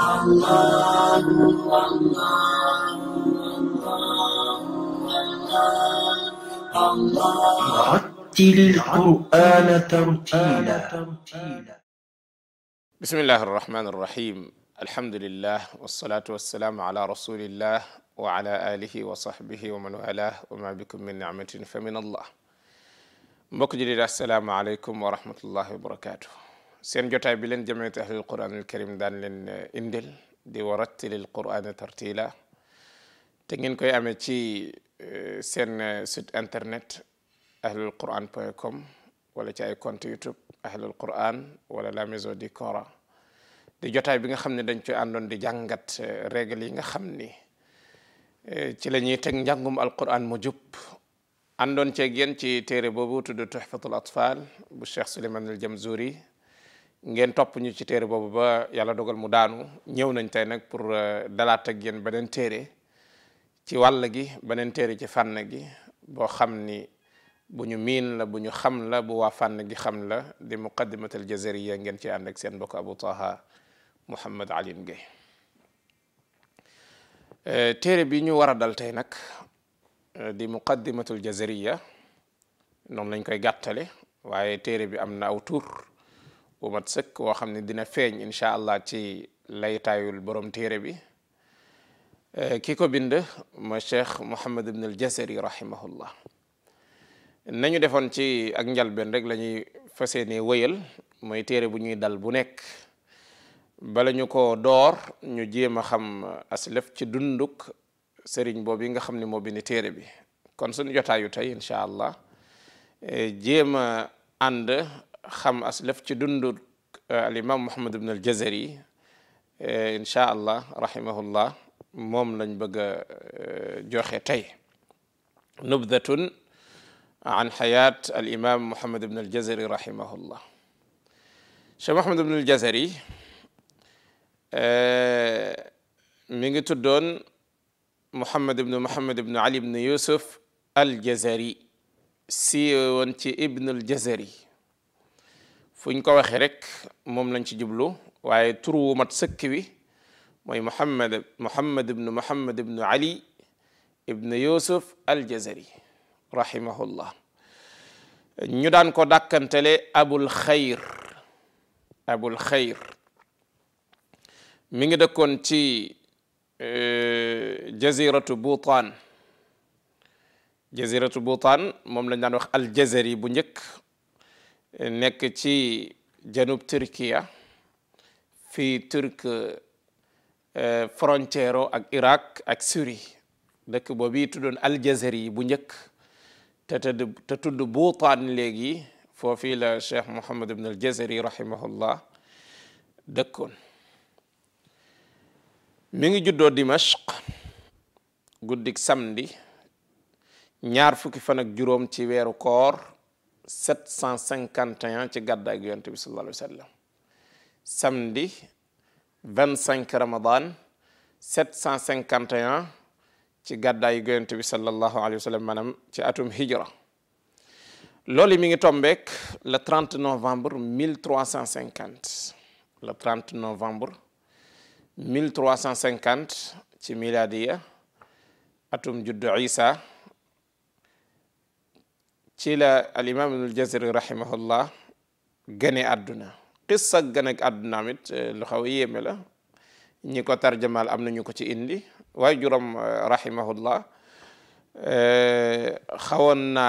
الله الله الله الله رتل القرآن ترتيلا بسم الله الرحمن الرحيم الحمد لله والصلاة والسلام على رسول الله وعلى آله وصحبه ومن والاه وما بكم من نعمة فمن الله mbokk السلام عليكم ورحمة الله وبركاته سين جوتاي بلن جمعية أهل القرآن الكريم دان لين إندل دي ورت للقرآن ترتيلا تنين كوي أمتشي سين سود انترنت أهل القرآن بوكم ولا تاي كونت يوتيوب أهل القرآن ولا لاميزو دي كورا دي جوتاي بيغا خمني دان كوي أندون دي جانغات ريغلي غا خمني ci eh, lañuy eh, eh, teg njàngum alquran mu jub àndoon ceeg yéen ci téere boobu tudd tuxfatul atfal bu cheikh suleymane ngeen topp ñu ci téere boobu ba yàlla dogal mu daanu ñëw nañ tey nag pour euh, dalaat ak yéen beneen téere ci wàll gi beneen téere ci fànn gi boo xam ni bu ñu miin la bu ñu xam la bu waa fànn gi xam la di muqaddimatul jazariya ngeen ci ànd ak seen mbokk Abou Taha Mouhamed Alioune Gueye euh, téere bi ñu war a dal nag euh, di muqaddimatul jazariya noonu lañ koy gàttale waaye téere bi am na aw tur bu mat sëkk woo xam ne dina feeñ incha allah ci laytaayul borom téere bi ki ko bind ma cheikh Mouhamed ibn al Jasari rahimahullah nañu defoon ci ak njalbeen rek la ñuy fas yéene wëyal mooy téere bu ñuy dal bu nekk bala ñu ko door ñu jéem a xam aslef ci dunduk sëriñ boobu yi nga xam ne moo bind téere bi kon suñu jotaayu tey incha allah jéem a ànd خم أسلف تدند آه، الإمام محمد بن الجزري آه، إن شاء الله رحمه الله موم لن بقى آه، جوخي نبذة عن حياة الإمام محمد بن الجزري رحمه الله شيخ محمد بن الجزري من تدون محمد بن محمد بن علي بن يوسف الجزري سيونتي ابن الجزري fuñ ko waxe rek mom lañ ci jublu waye turu wu mat sëkk wi moy muhammad muhammad ibn muhammad ibn ali ibn yusuf al-jazari rahimahullah ñu daan ko dakantele abul khair abul khair mi ngi dekkon ci jaziratu buutaan jaziratu bhutan moom lañ daan wax aljazari bu njëkk nekk ci janub turkiya fii turc eh, frontière ak iraq ak suri dëkk bo yi tuddoon aljazair bu njëkk te tëdd tudd buutaan léegi foofii la cheikh mohamad ibn aljazairi rahimahullah dëkkoon mi ngi juddoo dimashq guddik samedi ñaar fukki fan juróom ci weeru koor 751 ci gadda gi yonent bi sallallahu alayhi wa sallam samedi 25 ramadan 751 ci gadda gi yonent bi sallallahu alayhi wa sallam ci atum hijra loli mi ngi tombeek le 30 novembre 1350 le 30 novembre 1350 ci miladiya atum juddu Isa شيلا الإمام ابن الجزري رحمه الله غني أدنى قصة غني أدنى ميت لخوية ملا نيكو ترجمة الأمن نيكو تي إندي ويجرم رحمه الله خوانا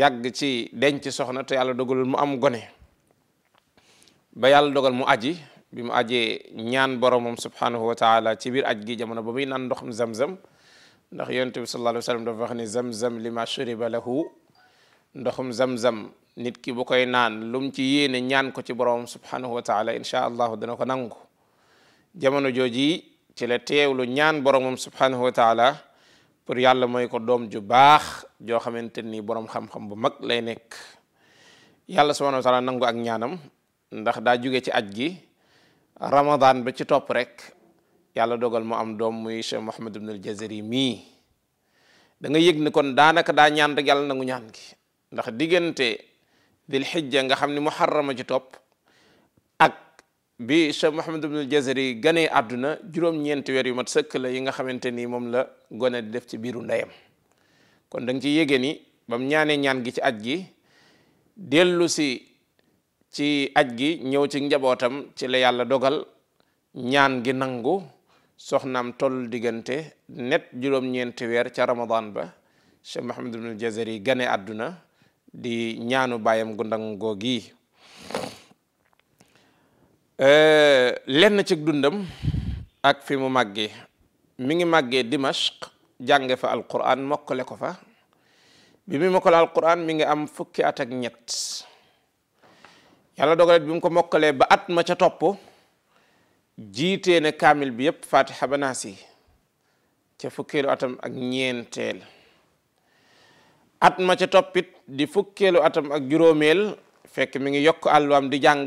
يغ تي دين تي سخنا تي على دوغل مو أم غني بيال دوغل مو أجي بيم أجي نيان بروم سبحانه وتعالى تبير أجي جمنا بمينا نخم زمزم نخ يونتو صلى الله عليه وسلم دفعني زمزم لما شرب له ndoxum zam-zam nit ki bu koy naan lum ci yéene ñaan ko ci borom subhanahu wa taala incha allahu dana ko nangu jamono jooji ci la teewlu ñaan boromam subhanahu wa pour yàlla mooy ko doom ju baax joo xamante ni borom xam-xam bu mag lay nekk yàlla subhanahu wa taala nangu ak ñaanam ndax daa jóge ci aj gi ramadan ba ci topp rek yàlla dogal mu am doom muy Cheikh Mouhamed ibn al mii danga yëg ni kon daanaka daa ñaan rek yàlla nangu ñaan gi ndax diggante dil nga xam ne muharrama ci topp ak bi Cheikh Mouhamed Ibnul Jazari ganee àdduna juróom-ñeenti weer yu mat sëkk yi nga xamante ni moom la gone di def ci biiru ndeyam kon da ci yége ni bam ñaanee ñaan gi ci aj gi dellu si ci aj gi ñëw ci njabootam ci la yàlla dogal ñaan gi nangu soxnam toll diggante net juróom-ñeenti weer ca ramadan ba Cheikh Mouhamed Ibnul Jazari gane àdduna di ñaanu bàyyam gundangoo gii eh, lenn cig dundam ak fi mu màggee mi ngi màggee dimashq jànge fa alquran mokkale ko fa bi mi mokkale alquran mi ngi am fukki at ak ñett yàlla dogaleet bi mu ko mokkalee ba at ma ca topp jiiteene kaamil bi yépp fatiha ba naas yi ca fukkeelu atam ak ñeenteel at ma ca toppit di fukkeelu atam ak juróomeel fekk mi ngi yokk àlluwaam di jàng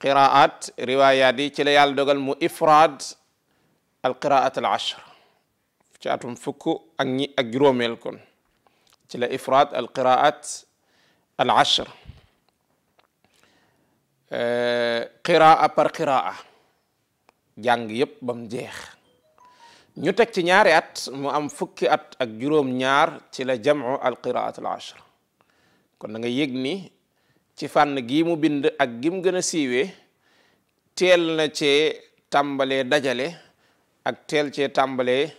qiraat riwaayaat ci la yàlla dogal mu ifraad al qiraat al ashr ci atum fukk ak ñi ak juróomeel kon ci la ifraad al qiraat al ashr eh, qiraa par qiraa jàng yëpp bam jeex ñu teg ci ñaari at mu am fukki at ak juróom ñaar ci la jamu al qiraatul ashra kon da nga yëg ni ci fànn gi mu bind ak gim gën siiwe teel na cee tàmbalee dajale ak teel cee tàmbalee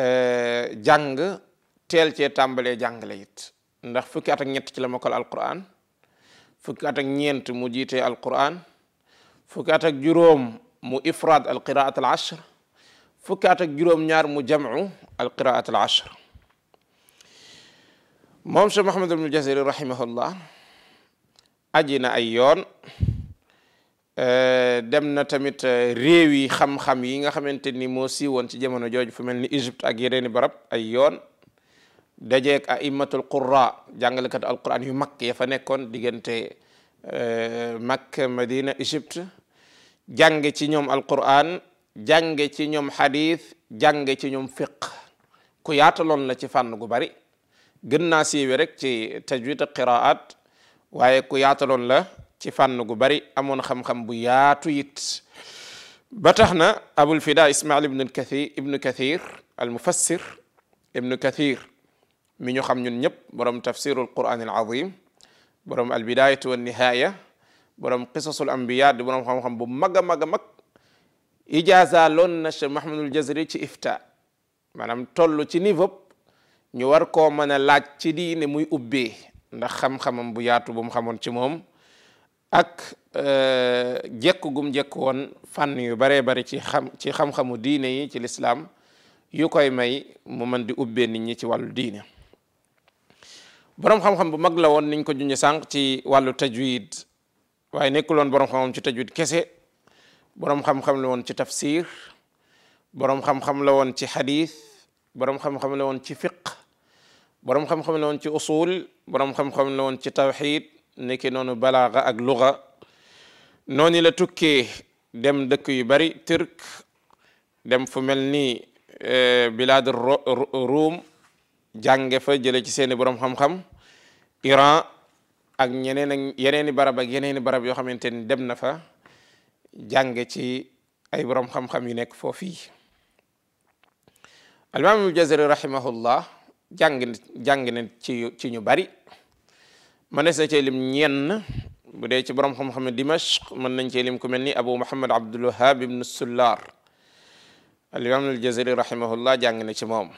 euh, jàng teel cee tàmbalee jàngale it ndax fukki at ak ñett ci la mokkal alquran ñeent mu jiitee alquran fukki at ak juróom mu ifraad al qiraat al ashr fukki at ak juróom-ñaar mu jamcu alqiraat al ashr moom Cheikh Muhammad ibnul Jazari rahimahullah aji na ay yoon eh, dem na tamit eh, réew yi xam-xam yi nga xamante ni moo siiwoon ci jamono jooju fu mel ni Égypte ak yeneeni barab ay yoon dajeek aimatul qurra jàngalekat alquran yu mag ya fa nekkoon diggante eh, Makka Madina Égypte jàng ci ñoom alquran jànge ci ñoom xadis jànge ci ñoom fiq ku yaataloon la ci fànn gu bari gën naa siiwe rek ci tajwid qiraat waaye ku yaataloon la ci fànn gu bari amoon xam-xam bu yaatu it ba tax na abul fida ismail ibnu kathir ibnu kathir al mufassir ibnu kathir mi ñu xam ñun ñëpp borom tafsirul quran al azim borom al bidayatu wa nihaya borom qisasul anbiya di borom xam-xam bu mag a mag a mag ijaza loon na Cheikh Mahamadul Jazari ci ifta maanaam toll ci niveau ñu war koo mën a laaj ci diine muy ubbee ndax xam-xamam bu yaatu bu mu xamoon ci moom ak euh, jekku gum jekk woon fànn yu baree bari ci xam ci xam-xamu diine yi ci lislaam yu koy may mu mën di ubbee nit ñi ci wàllu diine boroom xam-xam bu mag la woon niñ ko junje sànq ci wàllu tajwid waaye nekkuloon boroom xam-xam ci tajwid kese boroom xam-xam la woon ci tafsir boroom xam-xam la woon ci xadis boroom xam-xam la woon ci fiq boroom xam-xam la woon ci usul boroom xam-xam la woon ci tawxid nekki noonu balaaga ak luga noonu la tukkee dem dëkk yu bari turk dem fu mel ni bilaad ruum jànge fa jële ci seeni boroom xam-xam Iran ak ñeneen ak yeneen i barab ak yeneen barab yoo xamante ni dem na fa jànge ci ay borom xam-xam yu nekk foofii almaam ibnu jazari rahimahullah jàng jàng na ci ci ñu bari mënees na ci lim ñenn bu dee ci borom xam-xam dimashq mën nañ cee lim ku mel ni abu muhammad abdulwahab ibnu sullar alimam jazari rahimahullah jàng na ci moom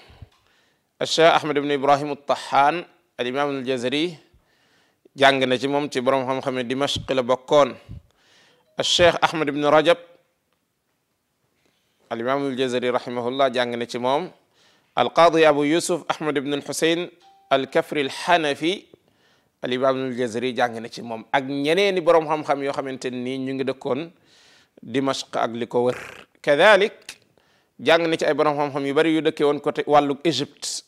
asha ahmad ibnu ibrahim tahan alimam jazari jàng na ci moom ci borom xam-xam dimashq la bokkoon الشيخ أحمد بن رجب الإمام الجزري رحمه الله جانغنا موم القاضي أبو يوسف أحمد بن الحسين الكفر الحنفي الإمام الجزري جانغنا موم أك نيني بروم خام خام يو خامتني نيغي دكون دمشق أك ليكو كذلك جانغنا أي بروم خام خام يو بري يو والو إيجيبت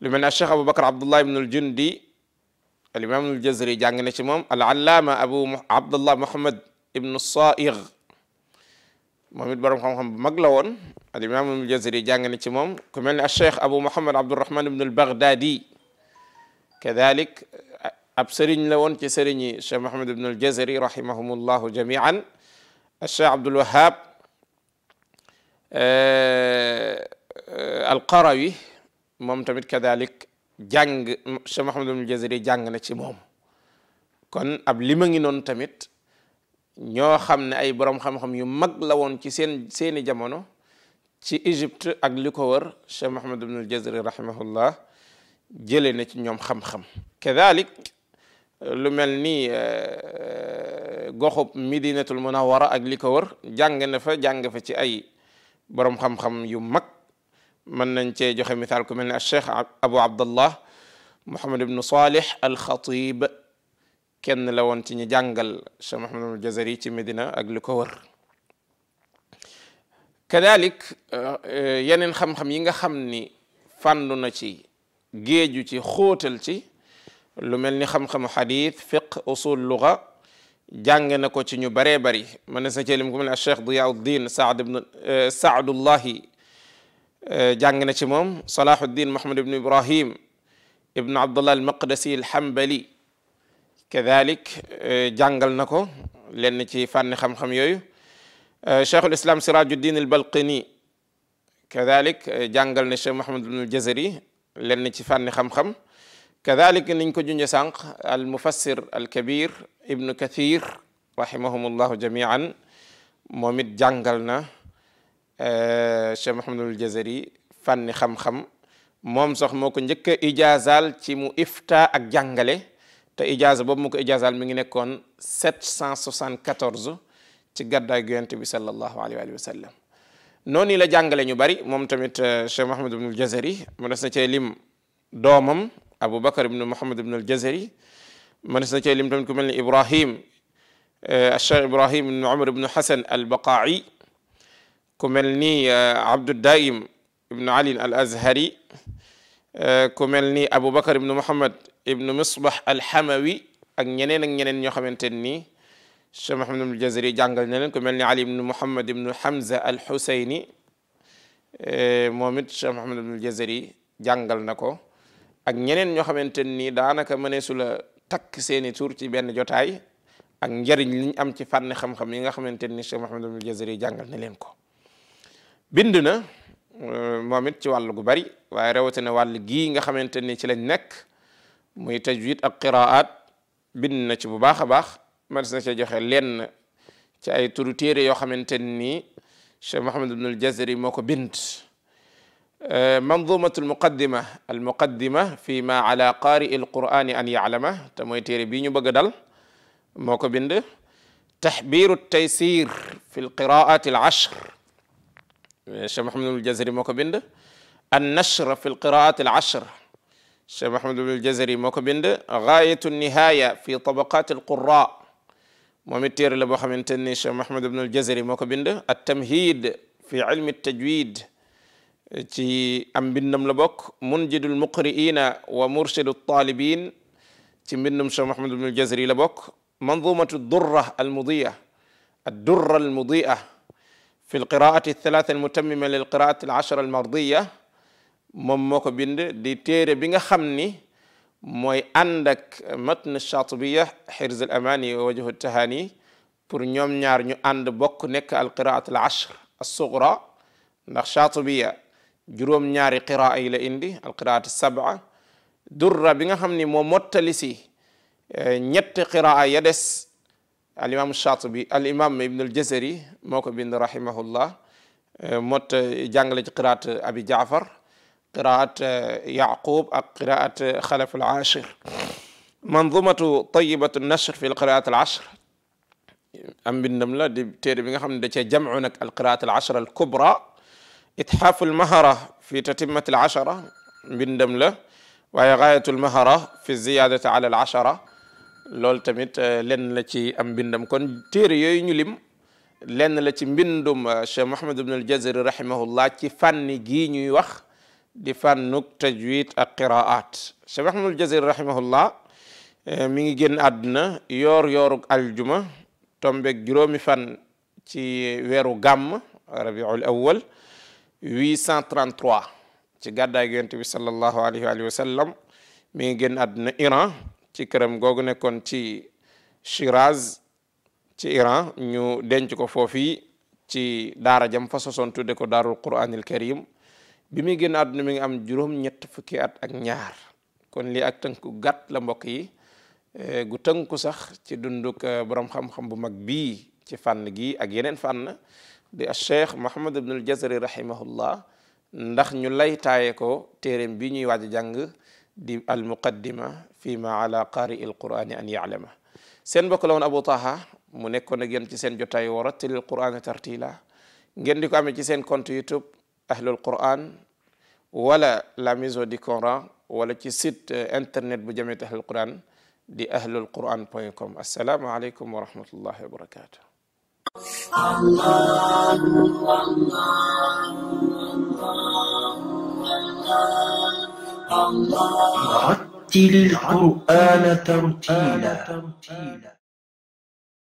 لمن الشيخ أبو بكر عبد الله بن الجندي الإمام الجزري جانغنا موم العلامة أبو عبد الله محمد ibnu sair moom it borom xam-xam bu mag la woon al imam al jazari jàng na ci moom ku mel ne al cheikh abu muhammad abdurahman ibnu al baghdadi kadalik ab sëriñ la woon ci sëriñi cheikh mohamad ibnu al jazari rahimahumullahu jamian al cheikh abdul wahab al qarawi moom tamit kadalik jàng cheikh mohamad ibnu al jazari jàng na ci moom kon ab lima ngi noonu tamit ñoo xam ne ay borom xam-xam yu mag la woon ci seen seeni jamono ci Égypte ak li ko wër Cheikh Mohammed ibn al-Jazari rahimahullah jëlee na ci ñoom xam-xam kadalik lu mel ni goxub Midinatul Munawwara ak li ko wër jàng na fa jàng fa ci ay borom xam-xam yu mag mën nañ cee joxe misaal ku mel ne al Cheikh Abu Abdallah Mohammed ibn Salih al Khatib kenn la woon ci ñu jàngal Cheikh Mahamadul Jazari ci Medina ak lu ko wër kadalik euh, yeneen xam yi nga xam ni fàndu na ci géeju ci xóotal ci lu mel ni xam-xamu xadit fiq usul luga jàng na ko ci ñu baree bari mën na sa cëlim ku mel ne Cheikh Diyauddin Saad ibn euh, Saadullahi euh, jàng na ci moom Salahuddin Mahmad ibn Ibrahim ibn Abdullah al Maqdasi al Hanbali كذلك آه، جانغل نكو لن تي فان خم خم يويو آه، شيخ الاسلام سراج الدين البلقيني كذلك آه، جانغل نشي محمد بن الجزري لن تي فان خم خم كذلك نينكو جونجا سانق المفسر الكبير ابن كثير رحمهم الله جميعا موميت جانغلنا شيخ محمد الجزري فن خم خم موم سوخ موكو نجيك اجازال تي مو افتا اك te ijaasa boobu mu ko ijaasaal mi ngi nekkoon 774 ci gàddaay gu yonent bi sallallahu alayhi wa sallam noonu la jàngale ñu bari moom tamit Cheikh Mouhamed ibn al-Jazari mu des na cee lim doomam Aboubacar ibn Mouhamed ibn al-Jazari mu des na cee lim tamit ku mel ni Ibrahim الشيخ ابراهيم بن عمر بن حسن البقاعي كملني عبد الدائم بن علي الازهري كملني ابو بكر بن محمد ibnu misbah alxamawi ak ñeneen ak ñeneen ñoo xamante nii cheikh mahamad ibnu jazari jàngal na leen ko mel ni ali ibnu muhammad ibnu hamza al xusayni moom it cheikh mahamad ibnu jazari jàngal na ko ak ñeneen ñoo xamante nii daanaka mëneesu la takk seeni tur ci benn jotaay ak njëriñ liñ am ci fànn xam-xam yi nga xamante ni cheikh mahamad ibnu jazari jàngal na leen ko bind na moom it ci wàll gu bari waaye rawatina wàll gii nga xamante ni ci lañ nekk muy tajwid ak qiraat bind na ci bu baax a baax ma des na cee joxe lenn ci ay turu téere yoo xamanteni ni Cheikh Mohammed ibn al-Jazari moo ko bind mandumatul muqaddima al muqaddima fi ma ala qaari il qur'ani an ya'lama te mooy téere bii ñu bëgg dal moo ko bind تحبير التيسير في l العشر al محمد الجزري Mohammed ibn al-Jazari moo ko الشيخ محمد بن الجزري موكو بند غاية النهاية في طبقات القراء ممتير لبو خمنتني الشيخ محمد بن الجزري موكو بند التمهيد في علم التجويد تي أم بندم لبوك منجد المقرئين ومرشد الطالبين تي بندم الشيخ محمد بن الجزري لبوك منظومة الدرة المضيئة الدرة المضيئة في القراءة الثلاثة المتممة للقراءة العشر المرضية moom moo ko bind di téere bi nga xam ni mooy ànd ak matn chatibiya xirz al amani wa tahani pour ñoom ñaar ñu ànd bokk nekk al qiraat al ashr al sugra ndax chatibiya juróom ñaari qiraa yi la indi al qiraat sab'a durra bi nga xam ni moo mottali si eh, ñett qiraa ya des al imam chatibi ibn al jazari moo ko bind rahimahullah eh, mott jàngale ci qiraat abi jaafar قراءة يعقوب قراءة خلف العاشر منظومة طيبة النشر في القراءة العشر أم بالنملة دي بتيري بيغا خمنا جمعونك القراءة العشر الكبرى إتحاف المهرة في تتمة العشرة بالنملة وهي غاية المهرة في الزيادة على العشرة لول تميت لن لتي أم بالنم كون تيري يولم لن لتي بندم شيخ محمد بن الجزر رحمه الله فاني جيني وخ di fànnuk tajwid ak qiraat Cheikh Ahmadul Jazir rahimahullah eh, mi ngi génn àdduna yoor yooruk aljuma tombeeg juróomi fan ci weeru gàmm rabiul awal 833 ci gàddaay yonent bi sallallahu alayhi wa sallam mi ngi génn àdduna Iran ci këram googu nekkoon ci Shiraz ci Iran ñu denc ko foofii ci daara jam fa sosoon ko daarul Qur'anil Karim bi muy génn àdduna mi am juróom ñett fukki at ak ñaar kon lii ak tënku gàtt la mbokk yi eh, gu tënku sax ci dunduk eh, borom xam-xam bu mag bii ci fànn gi ak yeneen fànn di a cheikh binul Jazari rahimahullah ndax ñu lay taaye ko téeréem bi ñuy waaj di al muqaddima fi ma ala qari il qurani an yalama seen bokk la woon Abu Taha mu nekkoon ak yéen ci seen jotaay wa rattilil qurana tartila ngeen di ko amee ci seen compte YouTube أهل القرآن ولا لا ميزو دي كوران ولا تي سيت آه، انترنت بجامعة أهل القرآن دي أهل القرآن بوينكم السلام عليكم ورحمة الله وبركاته الله الله الله الله الله الله الله الله الله الله